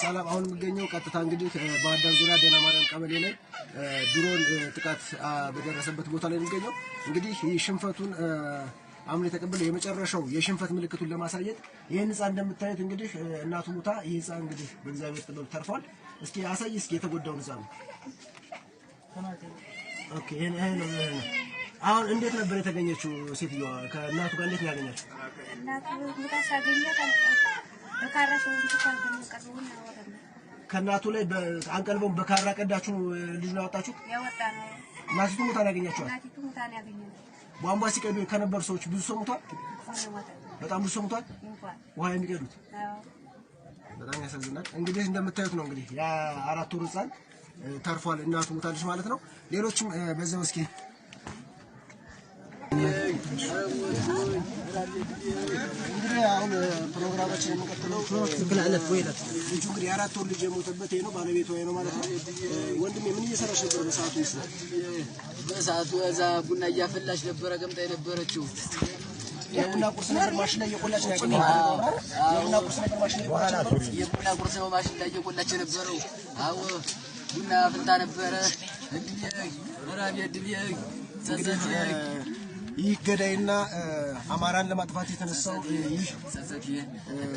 ሰላም። አሁን የሚገኘው ቀጥታ እንግዲህ ባህር ዳር ዙሪያ ደህና ማርያም ቀበሌ ላይ ድሮን ጥቃት በደረሰበት ቦታ ላይ የሚገኘው እንግዲህ ሽንፈቱን አምሌ የተቀበለው የመጨረሻው የሽንፈት ምልክቱን ለማሳየት ይህን ህፃን እንደምታዩት እንግዲህ እናቱ ሙታ፣ ይህ ህፃን እንግዲህ በእግዚአብሔር ጥበብ ተርፏል። እስኪ አሳይ እስኪ የተጎዳውን ህፃን አሁን እንዴት ነበር የተገኘችው ሴትዮዋ? ከእናቱ ጋር እንዴት ነው ያገኛችሁ? ከእናቱ ላይ አንቀልበውን በካራ ቀዳችሁ ልጅ ነው ያወጣችሁ። ሙታ ሙታን ያገኛችኋል። ቧንቧ ሲቀዱ ከነበሩ ሰዎች ብዙ ሰው ሙቷል። በጣም ብዙ ሰው ሙቷል። ውሃ የሚቀዱት በጣም ያሳዝናል። እንግዲህ እንደምታዩት ነው እንግዲህ የአራት ወር ህፃን ተርፏል። እናቱ ሙታለች ማለት ነው። ሌሎችም በዛው እስኪ እንግዲህ አሁን አብራችን የምንቀጥለው ልጁ እንግዲህ የአራት ወር ልጅ የሞተበት ይሄ ነው። ባለቤቱ ይሄ ነው ማለት ነው። ወንድሜ ምን እየሰራሽ ነበር በሰዓቱ? በሰዓቱ እዛ ቡና እያፈላች ነበረ ገምጣ የነበረችው የቡና ቁርስ ነበር ማሽን ላይ እየቆላች ነው ያገኘው። የቡና ቁርስ ነበር ማሽን ላይ እየቆላች ነበር። የቡና ቁርስ ነው ማሽን ላይ እየቆላች የነበረው። አዎ ቡና አፍልታ ነበረ። እንዴ ራብ የድብ ጸጸት ይህ ገዳይና አማራን ለማጥፋት የተነሳው ይህ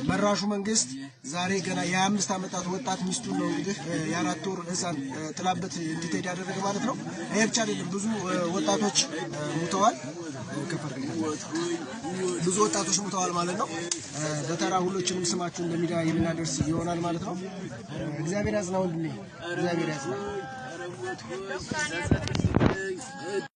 መራሹ መንግስት ዛሬ ገና የአምስት ዓመታት ወጣት ሚስቱን ነው እንግዲህ የአራት ወር ህፃን ጥላበት እንድትሄድ ያደረገ ማለት ነው። ይሄ ብቻ አይደለም፣ ብዙ ወጣቶች ሙተዋል። ብዙ ወጣቶች ሙተዋል ማለት ነው። በተራ ሁሎችንም ስማችሁ እንደሚዳ የምናደርስ ይሆናል ማለት ነው። እግዚአብሔር ያጽና ወንድሜ፣ እግዚአብሔር ያጽና።